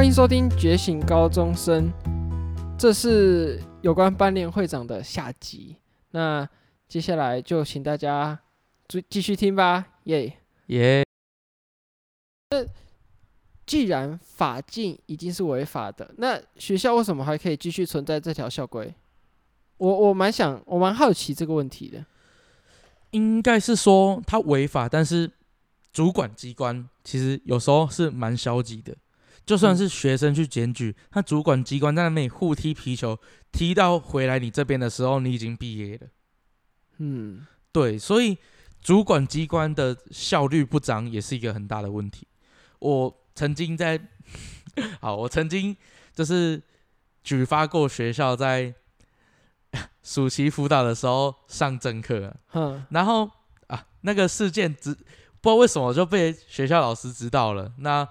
歡迎收聽《覺醒高中生》，這是有關班聯會長的下集。那接下來就請大家注繼續聽吧。耶、yeah、耶！那 Yeah 既然髮禁已經是違法的，那學校為什麼還可以繼續存在這條校規？我我蠻想，我蠻好奇這個問題的。應該是說它違法，但是主管機關其實有時候是蠻消極的。就算是學生去檢舉，那、嗯、主管機關在那邊互踢皮球，踢到回來你這邊的時候，你已經畢業了。嗯，對，所以主管機關的效率不彰也是一個很大的問題。我曾經在，好，我曾經就是舉發過學校在暑期輔導的時候上正課，呵然後啊，那個事件只不知道為什麼就被學校老師知道了。那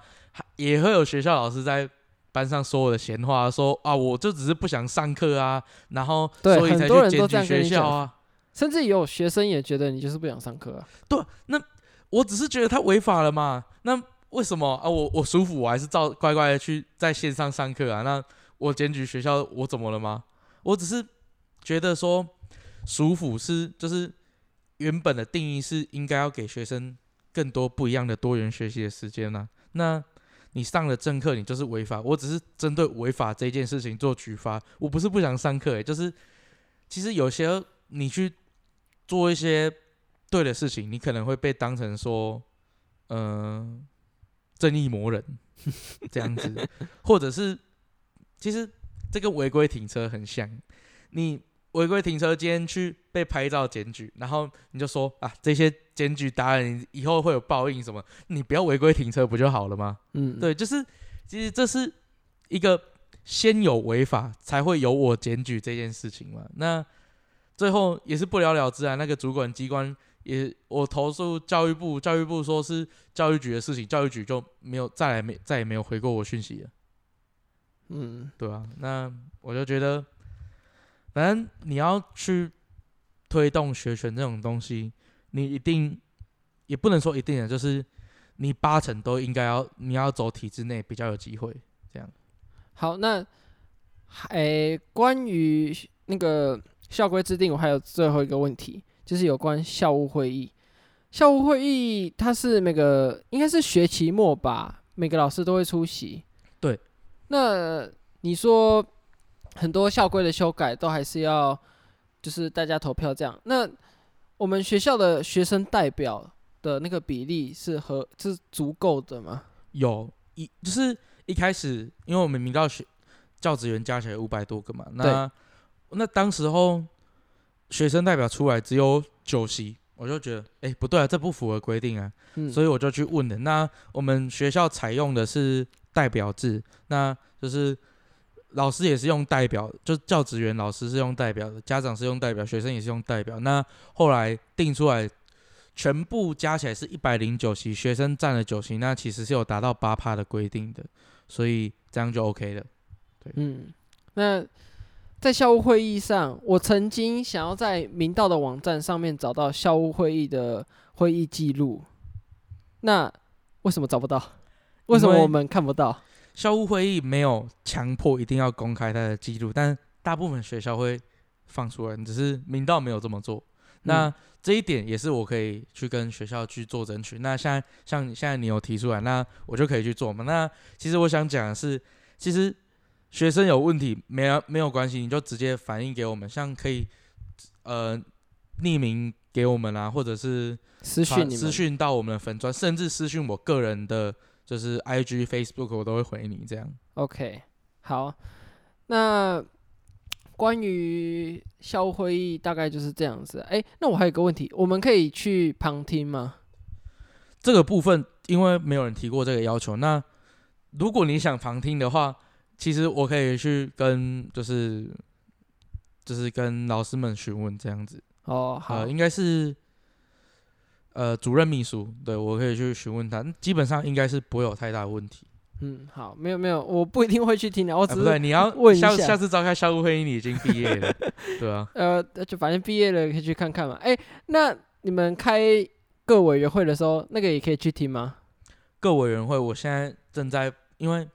也會有學校老師在班上說我的閒話，說啊，我就只是不想上課啊，然後對所以才去檢舉學校啊。甚至有學生也覺得你就是不想上課啊。對，那我只是覺得他違法了嘛？那為什麼啊？我我暑輔，我還是照乖乖的去在線上上課啊。那我檢舉學校，我怎麼了嗎？我只是覺得說，暑輔是就是原本的定義是應該要給學生更多不一樣的多元學習的時間呢、啊？那。你上了正課，你就是違法。我只是針對違法這件事情做舉發，我不是不想上課誒、欸，就是其實有些你去做一些對的事情，你可能會被當成說，嗯、呃，正義魔人這樣子， 或者是其實這個違規停車很像你，違規停車，今天去被拍照檢舉，然後你就說啊，這些檢舉達人以後會有報應什麼？你不要違規停車不就好了嗎？嗯，對，就是其實這是一個先有違法，才會有我檢舉這件事情嘛。那最後也是不了了之啊。那個主管機關也，我投訴教育部，教育部說是教育局的事情，教育局就沒有，再來沒，再也沒有回過我訊息了。嗯，對啊，那我就覺得。反正你要去推動學權這種東西，你一定也不能說一定的，就是你八成都應該要，你要走體制內比較有機會。這樣。好，那誒、欸，關於那個校規制定，我還有最後一個問題，就是有關校務會議。校務會議它是每個應該是學期末吧，每個老師都會出席。對，那你說？很多校規的修改都還是要，就是大家投票這樣。那我們學校的學生代表的那個比例是和是足夠的嗎？有，一就是一開始，因為我們明道學教職員加起來五百多個嘛，那對那當時候學生代表出來只有九席，我就覺得，哎、欸，不對啊，這不符合規定啊，嗯、所以我就去問了。那我們學校採用的是代表制，那就是。老師也是用代表，就教職員老師是用代表的，家長是用代表，學生也是用代表。那後來定出來，全部加起來是一百零九席，學生佔了九席，那其實是有達到八趴的規定的，所以這樣就 OK 了。對，嗯，那在校務會議上，我曾經想要在明道的網站上面找到校務會議的會議記錄，那為什麼找不到？為什麼我們看不到？校務會議沒有強迫一定要公開他的記錄，但大部分學校會放出來，只是明道沒有這麼做。嗯、那這一點也是我可以去跟學校去做爭取。那像像現在你有提出來，那我就可以去做嘛。那其實我想講的是，其實學生有問題，沒、啊、沒有關係，你就直接反映給我們，像可以呃匿名給我們啦、啊，或者是私訊私訊到我們的粉專，甚至私訊我個人的。就是 IG Facebook 我都會回你這樣。OK，好，那關於校會議大概就是這樣子。哎，那我還有個問題，我們可以去旁聽嗎？這個部分因為沒有人提過這個要求，那如果你想旁聽的話，其實我可以去跟就是就是跟老師們詢問這樣子。哦，好，呃，應該是。呃，主任秘書，對我可以去詢問他，基本上應該是不會有太大的問題。嗯，好，沒有沒有，我不一定會去聽的。我只是、哎、對，你要下問一下，下次召開校務會議，你已經畢業了， 對吧、啊？呃，就反正畢業了可以去看看嘛。哎，那你們開各委員會的時候，那個也可以去聽嗎？各委員會，我現在正在因為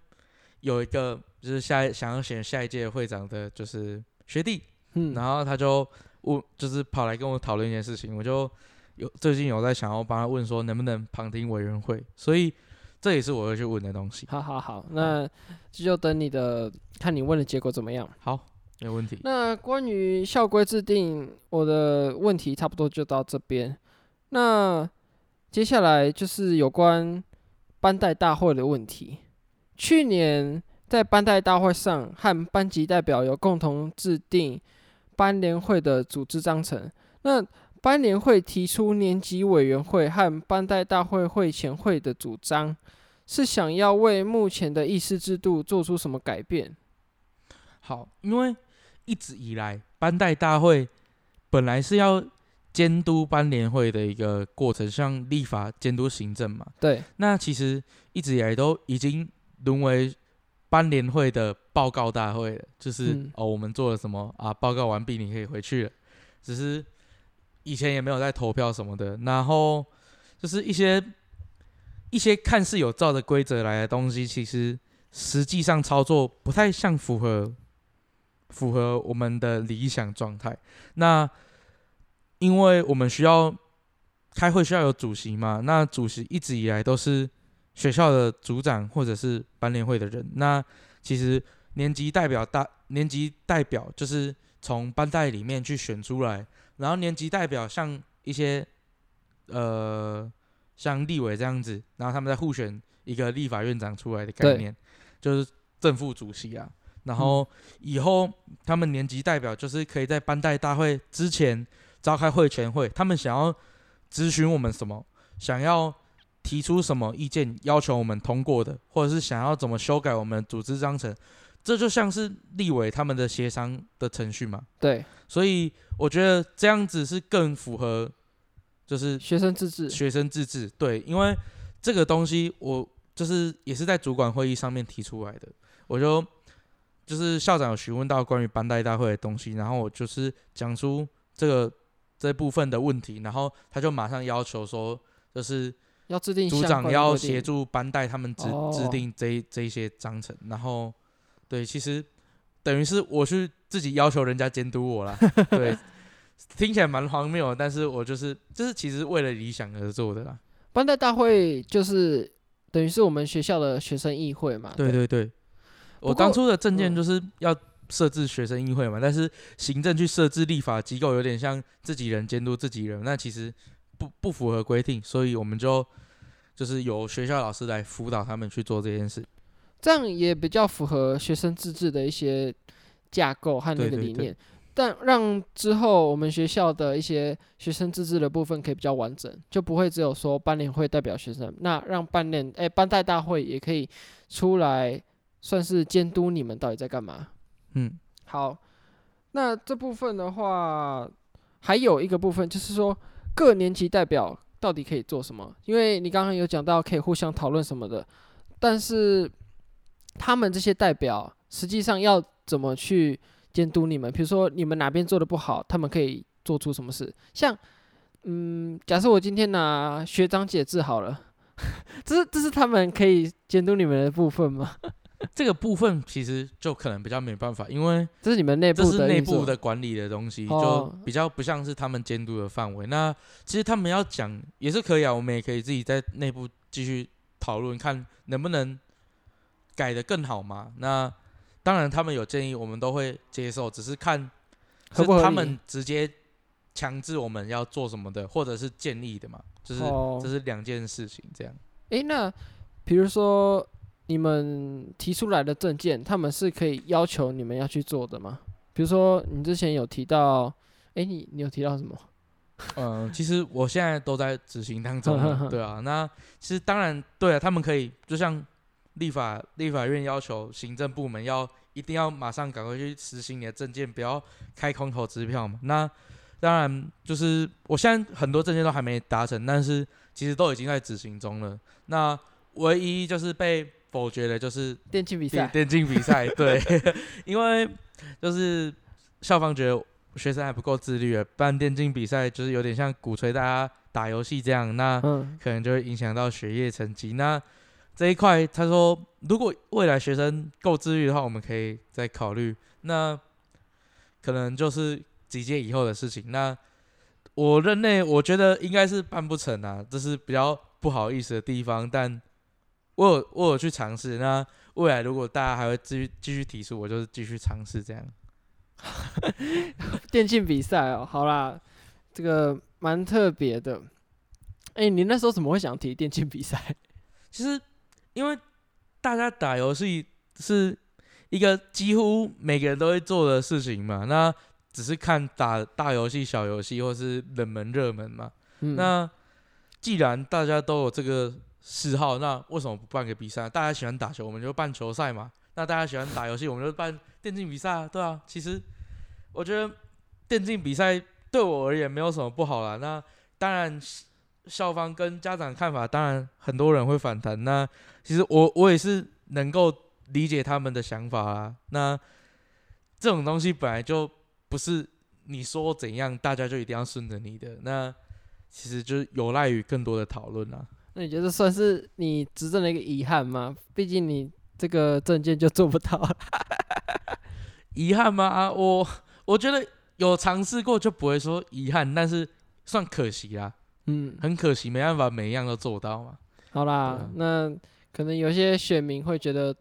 有一個就是下想要選下一屆會長的，就是學弟，嗯，然後他就我就是跑來跟我討論一件事情，我就。有最近有在想要幫他問說能不能旁聽委員會，所以這也是我要去問的東西。好好好，嗯、那就等你的，看你問的結果怎麼樣。好，沒問題。那關於校規制定，我的問題差不多就到這邊。那接下來就是有關班代大會的問題。去年在班代大會上和班級代表有共同制定班聯會的組織章程。那班聯會提出年級委員會和班代大會會前會的主張，是想要為目前的議事制度做出什麼改變？好，因為一直以來班代大會本來是要監督班聯會的一個過程，像立法監督行政嘛。對。那其實一直以來都已經淪為班聯會的報告大會了，就是、嗯、哦，我們做了什麼啊？報告完畢，你可以回去了。只是。以前也沒有在投票什麼的，然後就是一些一些看似有照着規則來的東西，其實實際上操作不太像符合符合我們的理想狀態。那因為我們需要開會需要有主席嘛，那主席一直以來都是學校的組長或者是班聯會的人。那其實年級代表大，年級代表就是從班代裡面去選出來。然後年級代表像一些，呃，像立委這樣子，然後他們在互選一個立法院長出來的概念，對就是正副主席啊。然後以後他們年級代表就是可以在班代大會之前召開會前會，他們想要諮詢我們什麼，想要提出什麼意見，要求我們通過的，或者是想要怎麼修改我們組織章程。這就像是立委他們的協商的程序嘛？對，所以我覺得這樣子是更符合，就是學生自治。學生自治，對，因為這個東西我就是也是在主管會議上面提出來的。我就就是校長有詢問到關於班代大會的東西，然後我就是講出這個這部分的問題，然後他就馬上要求說，就是要制定組長要協助班代他們制定定、哦、制定這這些章程，然後。對，其實等於是我去自己要求人家監督我啦。 對，聽起來蠻荒謬，但是我就是就是其實為了理想而做的啦。班代大會就是等於是我們學校的學生議會嘛。對對，對對，我當初的政見就是要設置學生議會嘛。過但是行政去設置立法機構有點像自己人監督自己人，那其實不不符合規定，所以我們就就是由學校老師來輔導他們去做這件事。這樣也比較符合學生自治的一些架構和那個理念，對對對，但讓之後我們學校的一些學生自治的部分可以比較完整，就不會只有說班聯會代表學生，那讓班聯哎、欸、班代大會也可以出來，算是監督你們到底在幹嘛。嗯，好，那這部分的話，還有一個部分就是說各年級代表到底可以做什麼，因為你剛剛有講到可以互相討論什麼的，但是。他們這些代表實際上要怎麼去監督你們？比如說你們哪邊做得不好，他們可以做出什麼事？像，嗯，假設我今天拿學長姐治好了，呵呵這是這是他們可以監督你們的部分嗎？這個部分其實就可能比較沒辦法，因為這是你們內部的管理的東西，哦、就比較不像是他們監督的範圍。那其實他們要講也是可以啊，我們也可以自己在內部繼續討論，看能不能。改的更好嘛？那當然，他們有建議，我們都會接受，只是看是他們直接強制我們要做什麼的，合合或者是建議的嘛？就是、oh. 這是兩件事情，這樣。誒、欸，那比如說你們提出來的證件，他們是可以要求你們要去做的嗎？比如說你之前有提到，誒、欸，你你有提到什麼？嗯，其實我現在都在執行當中， 對啊。那其實當然對啊，他們可以，就像。立法、立法院要求行政部門要一定要馬上趕快去實行你的政見，不要開空頭支票嘛。那當然就是我現在很多政見都還沒達成，但是其實都已經在執行中了。那唯一就是被否決的，就是電競比賽。電競比賽， 對，因為就是校方覺得學生還不夠自律，不然電競比賽就是有點像鼓吹大家打遊戲這樣，那、嗯、可能就會影響到學業成績。那這一塊，他說，如果未來學生夠自律的話，我們可以再考慮。那可能就是幾屆以後的事情。那我任內我覺得應該是辦不成啊，這是比較不好意思的地方。但我有，我有去嘗試。那未來如果大家還會繼續繼續提出，我就是繼續嘗試這樣。 電競比賽哦，好啦，這個蠻特別的。哎、欸，你那時候怎麼會想提電競比賽？其實。因為大家打遊戲是一個幾乎每個人都會做的事情嘛，那只是看打大遊戲、小遊戲，或是冷門、熱門嘛。嗯、那既然大家都有這個嗜好，那為什麼不辦個比賽？大家喜歡打球，我們就辦球賽嘛。那大家喜歡打遊戲，我們就辦電競比賽啊，對啊。其實我覺得電競比賽對我而言沒有什麼不好啦。那當然。校方跟家長看法，當然很多人會反彈。那其實我我也是能夠理解他們的想法啊。那這種東西本來就不是你說怎樣，大家就一定要順着你的。那其實就是有賴於更多的討論啦。那你覺得算是你執政的一個遺憾嗎？畢竟你這個政見就做不到，遺 憾嗎？我我覺得有嘗試過就不會說遺憾，但是算可惜啦。嗯，很可惜，沒辦法每一樣都做到嘛。好啦，對那可能有些選民會覺得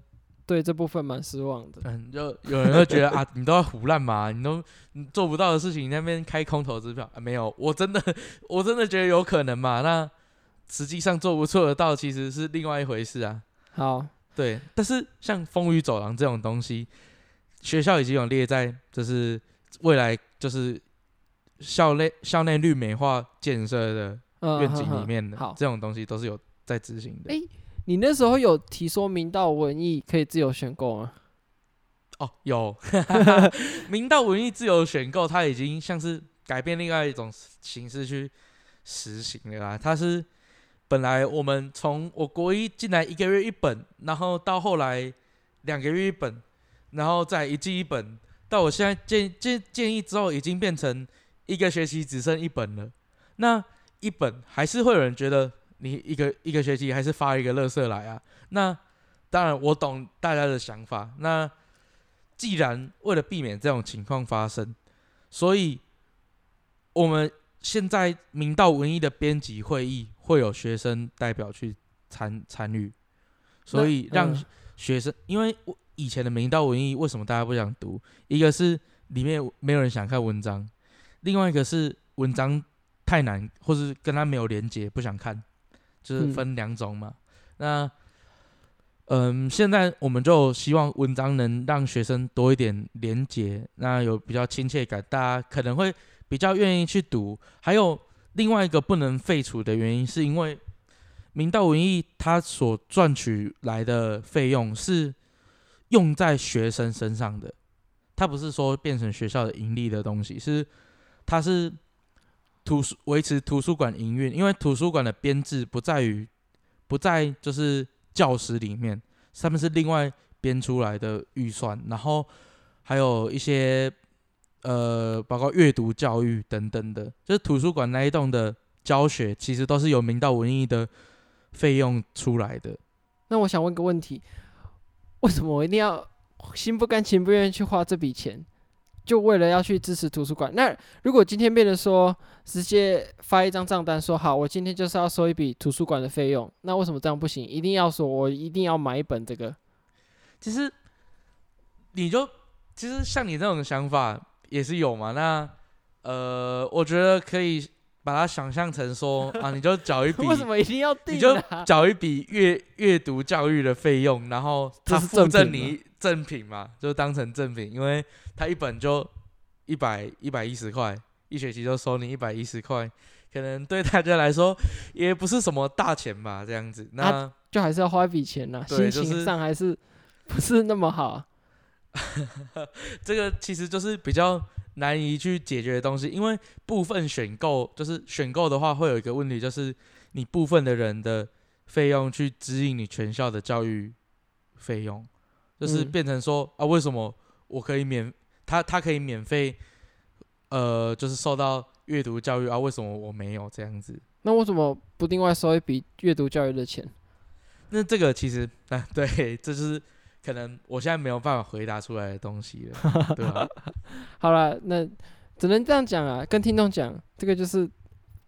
對這部分蠻失望的，嗯，就有人會覺得 啊，你都要唬爛嘛，你都你做不到的事情，你那邊開空頭支票啊？沒有，我真的我真的覺得有可能嘛。那實際上做不做得到，其實是另外一回事啊。好，對，但是像風雨走廊這種東西，學校已經有列在，就是未來就是。校內校內綠美化建設的願景裡面的，嗯、呵呵這種東西都是有在執行的。哎、欸，你那時候有提說明道文藝可以自由選購嗎、啊？哦，有，明 道文藝自由選購，它已經像是改變另外一種形式去實行了啦、啊。它是本來我們從我國一進來一個月一本，然後到後來兩個月一本，然後再一季一本，到我現在建建建議之後，已經變成。一個學期只剩一本了，那一本還是會有人覺得你一個一個學期還是發一個垃圾來啊。那當然我懂大家的想法。那既然為了避免這種情況發生，所以我們現在明道文藝的編輯會議會有學生代表去參參與，所以讓學生，因為我以前的明道文藝為什麼大家不想讀？一個是裡面沒有人想看文章。另外一個是文章太難，或是跟他沒有連接，不想看，就是分兩種嘛。嗯、那，嗯，現在我們就希望文章能讓學生多一點連接，那有比較親切感，大家可能會比較願意去讀。還有另外一個不能廢除的原因，是因為明道文藝它所賺取來的費用是用在學生身上的，它不是說變成學校的盈利的東西，是。它是圖書維持圖書館營運，因為圖書館的編制不在於，不在就是教室裡面，上面是另外編出來的預算，然後還有一些，呃，包括閱讀教育等等的，就是圖書館那一棟的教學，其實都是由明道文藝的費用出來的。那我想問個問題，為什麼我一定要心不甘情不願去花這筆錢？就為了要去支持圖書館，那如果今天變成說直接發一張賬單說好，我今天就是要收一筆圖書館的費用，那為什麼這樣不行？一定要說我一定要買一本這個？其實你就其實像你這種想法也是有嘛。那呃，我覺得可以把它想象成說 啊，你就繳一筆， 為什麼一定要定啊？你就繳一筆閱閱讀教育的費用，然後他是附贈你。贈品嘛，就當成贈品，因為他一本就一百一百一十塊，一學期就收你一百一十塊，可能對大家來說也不是什麼大錢吧，這樣子，那、啊、就還是要花一筆錢呢，啊，對心情上還是不是那麼好。 這個其實就是比較難以去解決的東西，因為部分選購就是選購的話，會有一個問題，就是你部分的人的費用去支應你全校的教育費用。就是變成說、嗯、啊，為什麼我可以免他他可以免費，呃，就是受到閱讀教育啊，為什麼我沒有這樣子？那為什麼不另外收一筆閱讀教育的錢？那這個其實啊，對，這就是可能我現在沒有辦法回答出來的東西了，對吧、啊？ 好了，那只能這樣講啊，跟聽眾講，這個就是。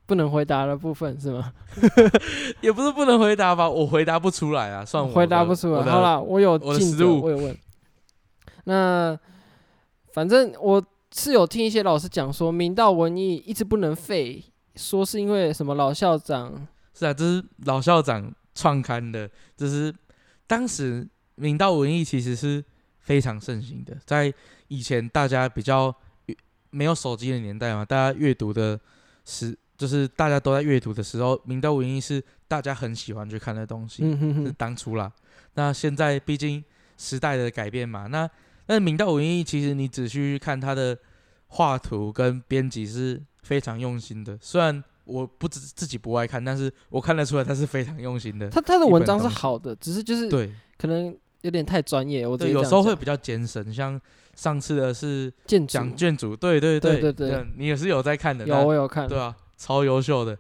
不能回答的部分是嗎？ 也不是不能回答吧，我回答不出來啊，算我我回答不出來。的好了，我有進我的我有問。那反正我是有聽一些老師講說，明道文藝一直不能廢，說是因為什麼老校長。是啊，這是老校長創刊的，這是當時明道文藝其實是非常盛行的，在以前大家比較沒有手機的年代嘛，大家閱讀的時。就是大家都在閱讀的時候，《明道文藝》是大家很喜歡去看的東西。嗯哼哼。是當初啦，那現在畢竟時代的改變嘛，那那《明道文藝》其實你只需看他的畫圖跟編輯是非常用心的。雖然我不只自己不愛看，但是我看得出來他是非常用心的。他他的文章是好的，只是就是對可能有點太專業。我有時候會比較艱深，像上次的是講建築，對對對對對對，對對對對你也是有在看的。有但我有看。對啊。超優秀的，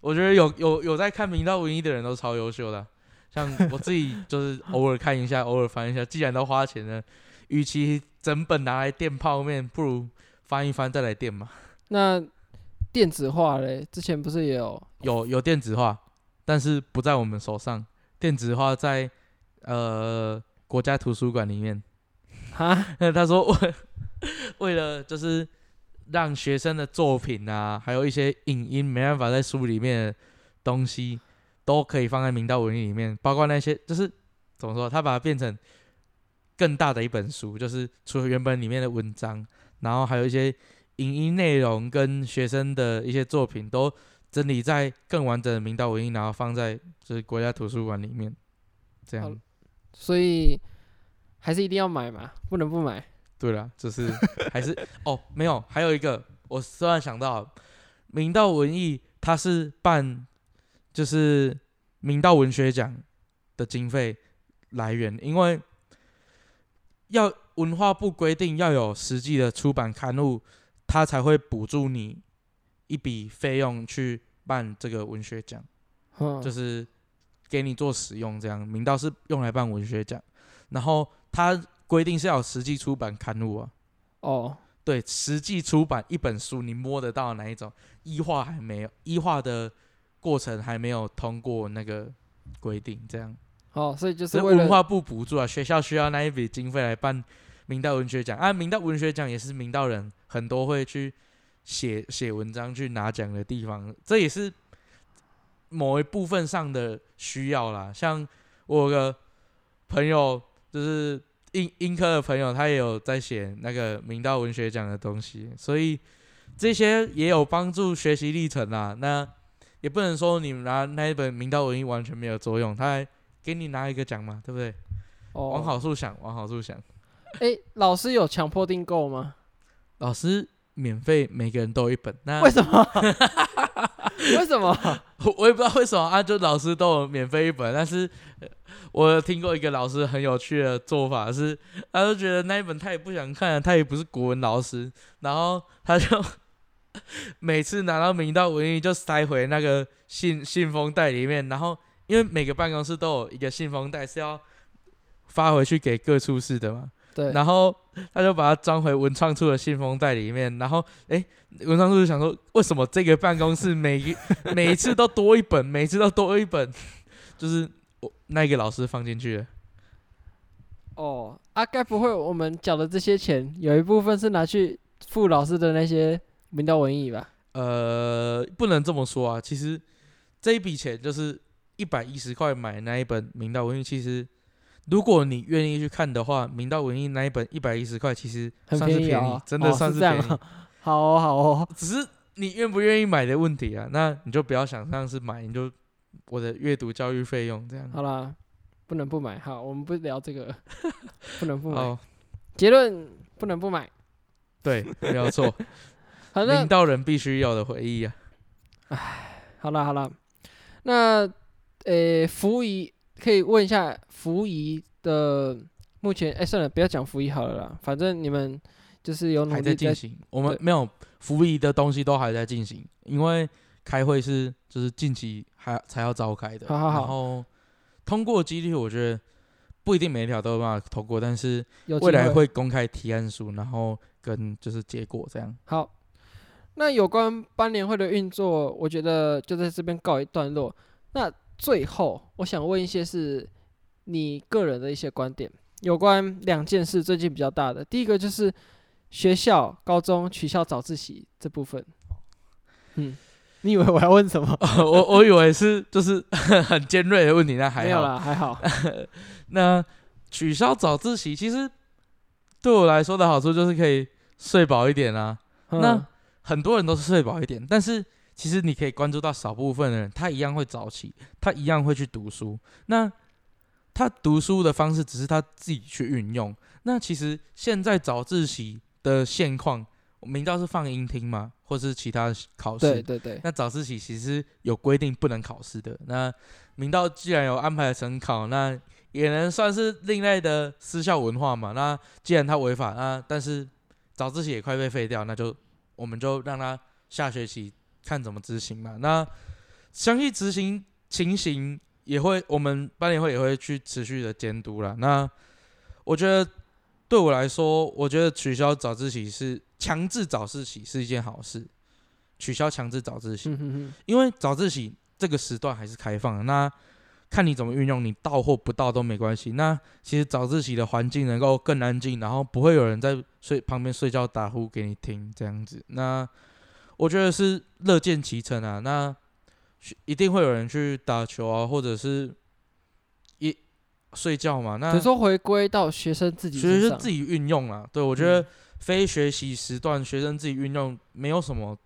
我覺得有有有在看明道文藝的人都超優秀的，啊，像我自己就是偶爾看一下， 偶爾翻一下。既然都花錢了，與其整本拿來墊泡麵，不如翻一翻再來墊嘛。那電子化嘞，之前不是也有？有有電子化，但是不在我們手上。電子化在呃國家圖書館裡面。哈蛤？ 那他說為，為了就是。讓學生的作品啊，還有一些影音沒辦法在書裡面的東西，都可以放在《明道文藝》裡面，包括那些就是怎麼說，他把它變成更大的一本書，就是除了原本裡面的文章，然後還有一些影音內容跟學生的一些作品，都整理在更完整的《明道文藝》，然後放在就是國家圖書館裡面，這樣，所以還是一定要買嘛，不能不買。對了，就是還是 哦，沒有，還有一個，我突然想到，明道文藝他是辦，就是明道文學獎的經費來源，因為要文化部規定要有實際的出版刊物，他才會補助你一筆費用去辦這個文學獎，嗯、就是給你做使用這樣。明道是用來辦文學獎，然後他。規定是要有實際出版刊物啊，哦，對，實際出版一本書，你摸得到哪一種？醫化還沒有，醫化的過程還沒有通過那個規定，這樣。哦，oh, 所以就是，就是文化部補助啊，學校需要那一筆經費來辦明道文學獎啊，明道文學獎也是明道人很多會去寫寫文章去拿獎的地方，這也是某一部分上的需要啦。像我有個朋友就是。英英科的朋友，他也有在寫那個明道文學獎的東西，所以這些也有幫助學習歷程啦、啊。那也不能說你拿那一本明道文藝完全沒有作用，他還給你拿一個獎嘛，對不對？Oh. 往好處想，往好處想。誒、欸，老師有強迫訂購嗎？老師免費，每個人都一本。那為什麼？ 為什麼？我也不知道為什麼啊！就老師都有免費一本，但是我有聽過一個老師很有趣的做法是，是他就覺得那一本他也不想看，他也不是國文老師，然後他就每次拿到明道文藝就塞回那個信信封袋裡面，然後因為每個辦公室都有一個信封袋是要發回去給各處室的嘛。對，然後他就把它裝回文創處的信封袋裡面。然後，哎，文創處就想說，為什麼這個辦公室每一 每一次都多一本，每一次都多一本，就是我那個老師放進去的。哦，啊，該不會我們繳的這些錢有一部分是拿去付老師的那些明道文藝吧？呃，不能這麼說啊。其實這一筆錢就是一百一十塊買那一本明道文藝，其實。如果你願意去看的話，《明道文藝》那一本一百一十塊，其實算是便宜、很便宜、哦、真的算是便宜。好、哦、 好哦，好哦，只是你願不願意買的問題啊。那你就不要想上次買，你就我的閱讀教育費用這樣。好啦，不能不買。好，我們不聊這個，不能不買。結論不能不買，對，沒有錯。明道 的人必須要的回憶啊。唉，好啦好啦，那誒，服、欸、務。可以問一下服儀的目前，哎、欸，算了，不要講服儀好了啦。反正你們就是有努力在進行，我們沒有服儀對的東西都還在進行，因為開會是就是近期還才要召開的。好好好。然後通過機率我覺得不一定每一條都有辦法通過，但是未來會公開提案書，然後跟就是結果這樣。好，那有關班聯會的運作，我覺得就在這邊告一段落。那。最後，我想問一些是你個人的一些觀點，有關兩件事，最近比較大的。第一個就是學校高中取消早自習這部分。嗯，你以為我要問什麼？呃、我我以為是就是很尖銳的問題，那還好，沒有啦，還好。呵呵，那取消早自習，其實對我來說的好處就是可以睡飽一點啊。嗯、那很多人都是睡飽一點，但是。其實你可以關注到少部分的人，他一樣會早起，他一樣會去讀書。那他讀書的方式只是他自己去運用。那其實現在早自習的現況，明道是放音廳嗎？或是其他考試？對對對。那早自習其實有規定不能考試的。那明道既然有安排晨考，那也能算是另類的私校文化嘛。那既然他違法啊，那但是早自習也快被廢掉，那就我們就讓他下學期，看怎麼執行嘛，那詳細執行情形也會，我們班聯會也會去持續的監督啦。那我覺得對我來說，我覺得取消早自習是強制早自習是一件好事，取消強制早自習，嗯、哼哼，因為早自習這個時段還是開放的，那看你怎麼運用，你到或不到都沒關係。那其實早自習的環境能夠更安靜，然後不會有人在睡旁邊睡覺打呼給你聽這樣子。那我覺得是樂見其成啊，那學一定會有人去打球啊，或者是一睡覺嘛。那你說回歸到學生自己，學生自己運用啊。對，我覺得非學習時段學生自己運用沒有什麼，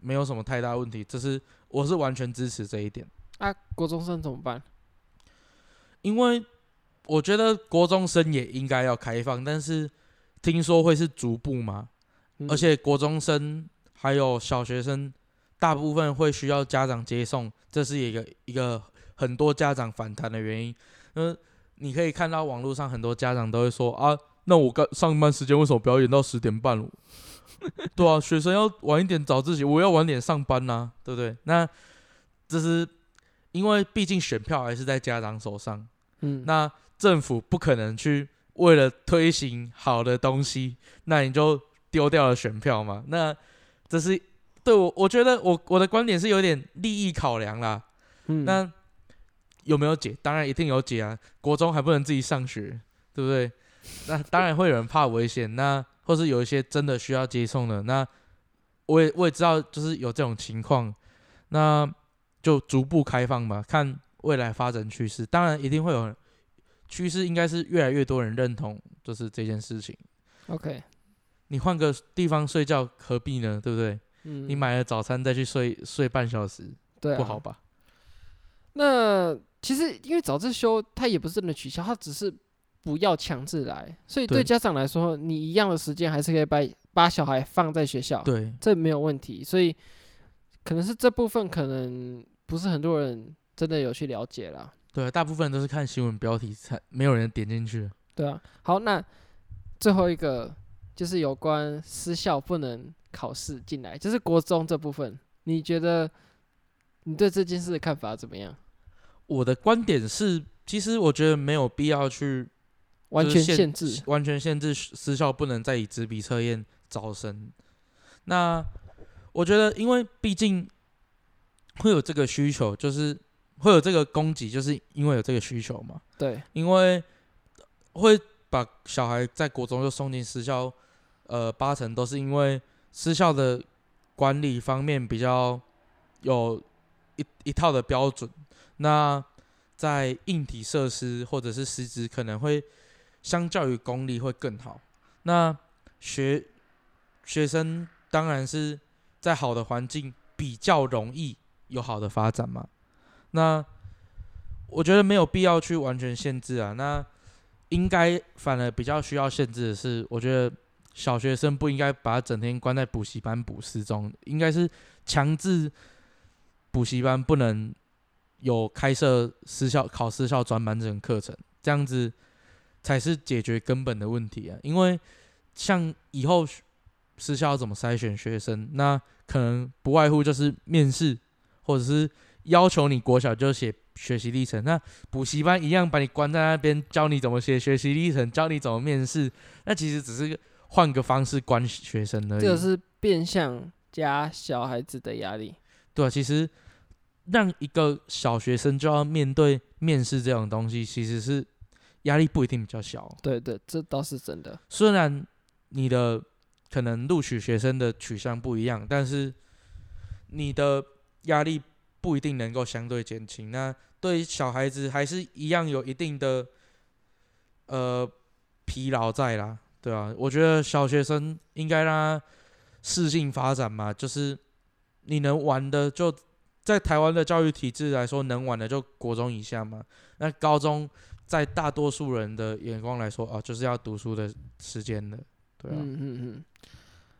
沒有什麼太大問題。這是我是完全支持這一點。那、啊、國中生怎麼辦？因為我覺得國中生也應該要開放，但是聽說會是逐步嘛，嗯、而且國中生。還有小學生，大部分會需要家長接送，這是一個一個很多家長反彈的原因。那你可以看到網絡上很多家長都會說啊，那我剛上班時間為什麼不要延到十點半了？ 對啊，學生要晚一點早自習，我要晚點上班吶、啊，對不對？那這是因為畢竟選票還是在家長手上，嗯，那政府不可能去為了推行好的東西，那你就丟掉了選票嘛？那。這是對我，我覺得我我的觀點是有點利益考量啦。嗯，那有沒有解？當然一定有解啊！國中還不能自己上學，對不對？那當然會有人怕危險， 那或是有一些真的需要接送的，那我也我也知道，就是有這種情況，那就逐步開放吧。看未來發展趨勢。當然一定會有趨勢，應該是越來越多人認同，就是這件事情。OK。你換個地方睡覺何必呢？對不對？嗯、你買了早餐再去睡睡半小時，啊、不好吧？那其實因為早自修它也不是真的取消，它只是不要強制來，所以對家長來說，對你一樣的時間還是可以把把小孩放在學校，對，這沒有問題。所以可能是這部分可能不是很多人真的有去了解了。對、啊，大部分都是看新聞標題，才沒有人點進去。對啊。好，那最後一個。就是有關私校不能考試進來，就是國中這部分，你覺得你對這件事的看法怎麼樣？我的觀點是，其實我覺得沒有必要去完全限，限制，完全限制私校不能再以紙筆測驗招生。那我覺得，因為畢竟會有這個需求，就是會有這個供給，就是因為有這個需求嘛。對，因為會把小孩在國中就送進私校。呃，八成都是因為私校的管理方面比較有一一套的標準，那在硬體設施或者是師資可能會相較於公立會更好。那學學生當然是在好的環境比較容易有好的發展嘛。那我覺得沒有必要去完全限制啊，那應該反而比較需要限制的是，我覺得。小學生不應該把他整天關在補習班補習中，應該是強制補習班不能有開設私校、考私校專班這種課程，這樣子才是解決根本的問題啊！因為像以後私校要怎麼篩選學生，那可能不外乎就是面試，或者是要求你國小就寫學習歷程，那補習班一樣把你關在那邊教你怎麼寫學習歷程，教你怎麼面試，那其實只是個。換個方式關學生呢？這個是變相加小孩子的壓力。對啊，其實讓一個小學生就要面對面試這種東西，其實是壓力不一定比較小。對對，這倒是真的。雖然你的可能錄取學生的取向不一樣，但是你的壓力不一定能夠相對減輕。那對小孩子還是一樣有一定的呃疲勞在啦。對啊，我覺得小學生應該讓他適性發展嘛，就是你能玩的，就在台灣的教育體制來說，能玩的就國中以下嘛。那高中在大多數人的眼光來說，啊，就是要讀書的時間了。對啊，嗯嗯。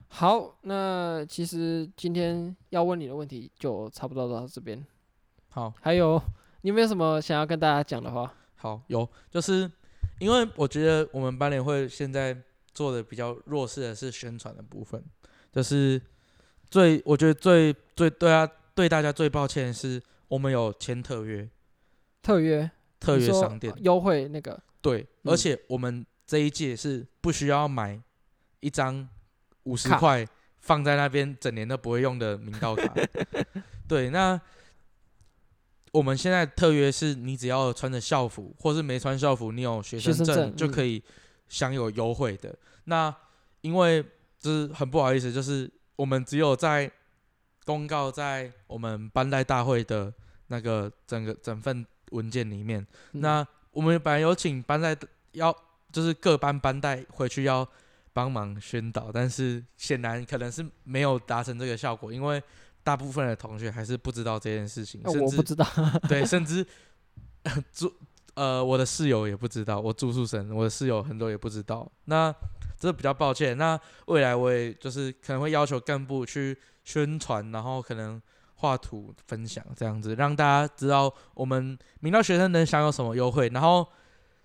好，那其實今天要問你的問題就差不多到這邊。好，還有你有沒有什麼想要跟大家講的話？好，有，就是因為我覺得我們班聯會現在。做的比較弱勢的是宣傳的部分，就是最我覺得最最對啊，對大家最抱歉的是，我們有簽特約，特約，特約特約商店優惠那個對，而且我們這一屆是不需要買一張五十塊放在那邊整年都不會用的明道卡，卡 對，那我們現在特約是你只要穿着校服，或是沒穿校服，你有學生證就可以，享有優惠的那，因為就是很不好意思，就是我們只有在公告在我們班代大會的那個整個整份文件裡面。嗯、那我們本來有請班代要就是各班班代回去要幫忙宣導，但是顯然可能是沒有達成這個效果，因為大部分的同學還是不知道這件事情。那、啊、我不知道。對，甚至做。 呃，我的室友也不知道，我住宿生，我的室友很多也不知道。那這比較抱歉。那未來我也就是可能會要求幹部去宣傳，然後可能畫圖分享這樣子，讓大家知道我們明道學生能享有什麼優惠。然後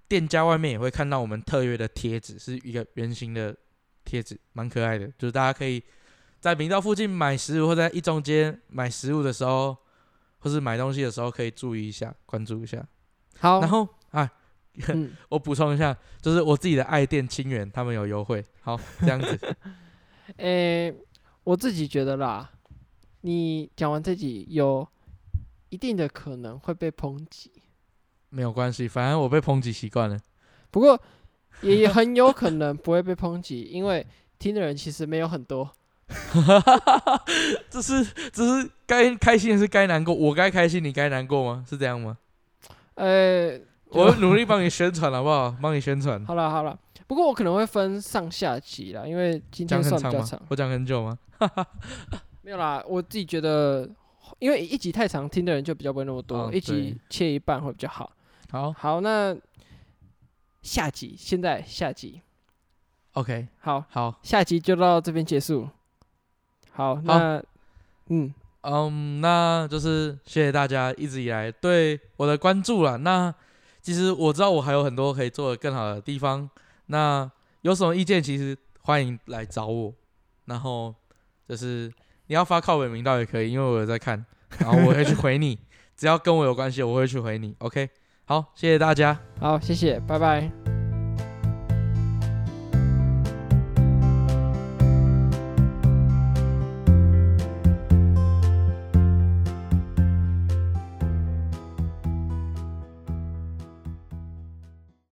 店家外面也會看到我們特約的貼紙，是一個圓形的貼紙，蠻可愛的。就是大家可以在明道附近買食物，或者在一中間買食物的時候，或是買東西的時候，可以注意一下，關注一下。好，然後哎，嗯、我補充一下，就是我自己的愛店清源，他們有優惠。好，這樣子。呃， 我自己覺得啦，你講完自己，有一定的可能會被抨擊。沒有關係，反正我被抨擊習慣了。不過，也很有可能不會被抨擊， 因為聽的人其實沒有很多。哈哈哈，這是這是該開心還是該難過？我該開心，你該難過嗎？是這樣嗎？呃，欸、我努力幫你宣傳好不好？幫你宣傳。好了好了，不過我可能會分上下集啦，因為今天算比較長，講很長嗎？我講很久嗎、？ 啊，沒有啦，我自己覺得，因為一集太長，聽的人就比較不會那麼多，哦、一集切一半會比較好。好，好，那下集現在下集，OK，好好，好下集就到這邊結束。好，那好嗯。嗯，um, 那就是謝謝大家一直以來對我的關注了。那其實我知道我還有很多可以做的更好的地方。那有什麼意見，其實歡迎來找我。然後就是你要發靠北頻道也可以，因為我有在看，然後我會去回你。 只要跟我有關係，我會去回你。OK，好，謝謝大家。好，謝謝，拜拜。